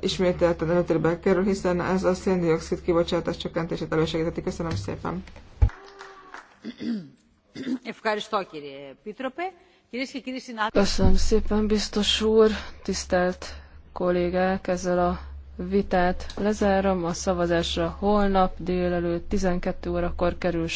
ismételten előtérbe kerül, hiszen ez a széndiokszid kibocsátás csökkentését elősegítheti. Köszönöm szépen! Köszönöm szépen, biztos úr, tisztelt kollégák, ezzel a vitát lezárom. A szavazásra holnap délelőtt 12 órakor kerül